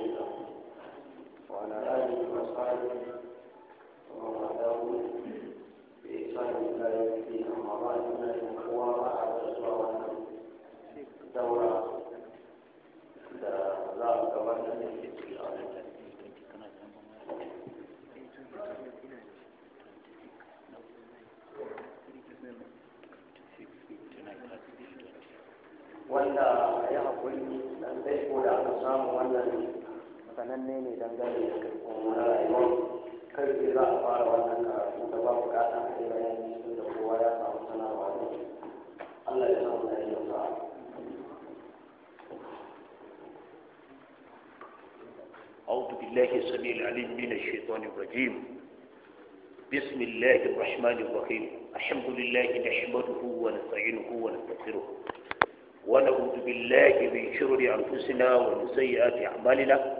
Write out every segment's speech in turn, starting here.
وشيئا وعلى آله وصحبه ومن والاه بإحسان إلى يوم الدين أما بعد فإن الحوار على أسواق الدورة ذلك وجه wanda ya haƙuri da zai koda ne dangane da karfin rayuwar za a fara wannan karatu da ba a yi da kowa ya samu sanarwa ne allah ya samu na yi yau أعوذ بالله السميع العليم من الشيطان الرجيم بسم الله الرحمن الرحيم الحمد لله نحمده ونستعينه ونستغفره ونعوذ بالله من شرور أنفسنا ومن سيئات أعمالنا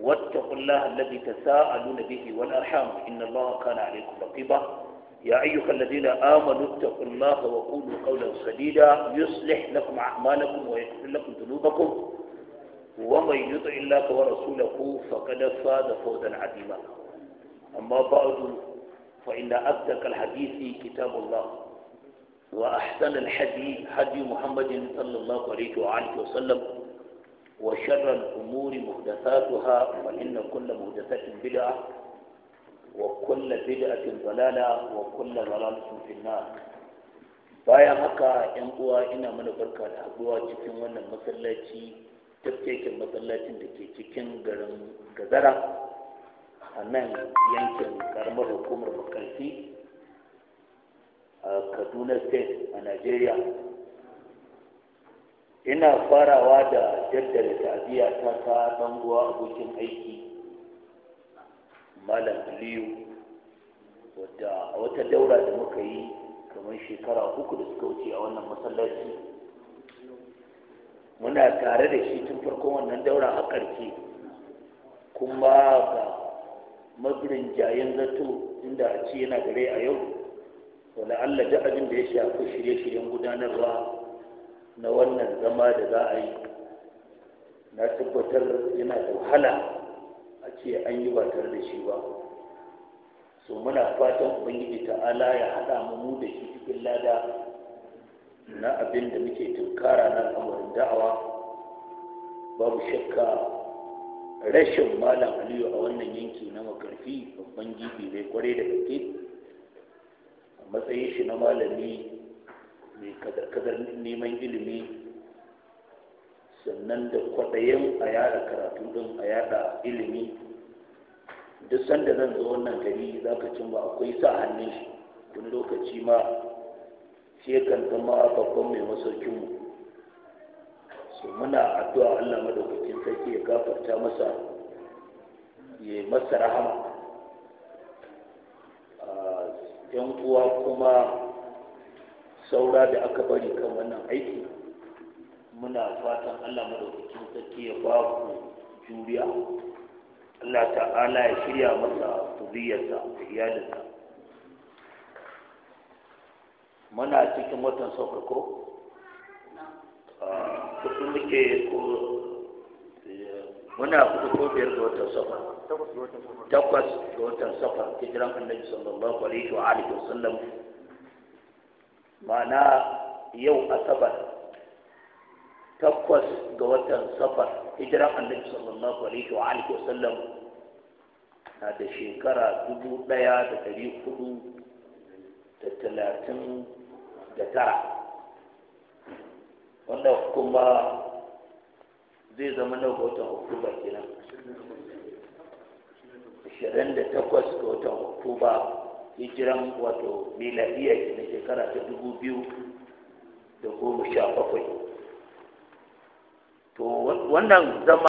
واتقوا الله الذي تساءلون به والأرحام إن الله كان عليكم رقيبا يا أيها الذين آمنوا اتقوا الله وقولوا قولا سديدا يصلح لكم أعمالكم ويغفر لكم ذنوبكم ومن يطع الله ورسوله فقد فاز فوزا عظيما أما بعد فإن أصدق الحديث كتاب الله وأحسن الحديث هدي محمد صلى الله عليه وآله وسلم وشر الأمور محدثاتها فإن كل محدثة بدعة وكل بدعة ضلالة وكل ضلالة في النار bayan haka yan uwa ina mana barka da haɗuwa cikin wannan masallaci tafkekin masallacin da ke cikin garin gazara a nan yankin karamar hukumar makarfi a kaduna state a najeriya ina farawa da jaddada tabiya ta ta dan uwa abokin aiki malam aliyu wadda a wata daura da muka yi kamar shekara uku da suka wuce a wannan masallaci muna tare da shi tun farkon wannan daura a ƙarshe kuma ga mabirin jayen zato inda a ce yana gare a yau wani Allah da abin da ya shafi shirye-shiryen gudanarwa na wannan zama da za a yi na tabbatar yana da wahala a ce an yi ba tare da shi ba so muna fatan ubangiji ta'ala ya haɗa mu da shi cikin lada na abin da muke tunkara na al'amarin da'awa babu shakka rashin malam aliyu a wannan yanki na makarfi babban gibi mai kwarai da gaske a matsayin shi na malami mai kadar-kadar neman ilimi sannan da kwaɗayen a yada karatu ɗin a yada ilimi duk sanda zan zo wannan gari za ka ba akwai sa hannun shi tun lokaci ma shi kan zama babban mai masaukinmu su muna addu'a allah madaukakin sarki ya gafarta masa ya masa rahama ah, yan uwa kuma saura da aka bari kan wannan aiki muna fatan Allah madaukakin sarki ya ba ku juriya Allah ta'ala ya shirya masa zuriyarsa da iyalinsa muna cikin watan saukako ah, kusur muke ko muna kudu ko biyar ga watan safa takwas ga watan ke jiran annabi sallallahu alaihi wa alihi sallam mana yau asabar takwas ga watan safar hijiran annabi sallallahu alaihi wa alihi wasallam na da shekara dubu ɗaya da dari hudu da talatin da tara wanda kuma zai zama na watan oktoba kenan ashirin da takwas ga watan oktoba hijiran wato miladiyya na shekara ta dubu biyu da goma sha bakwai to wannan zama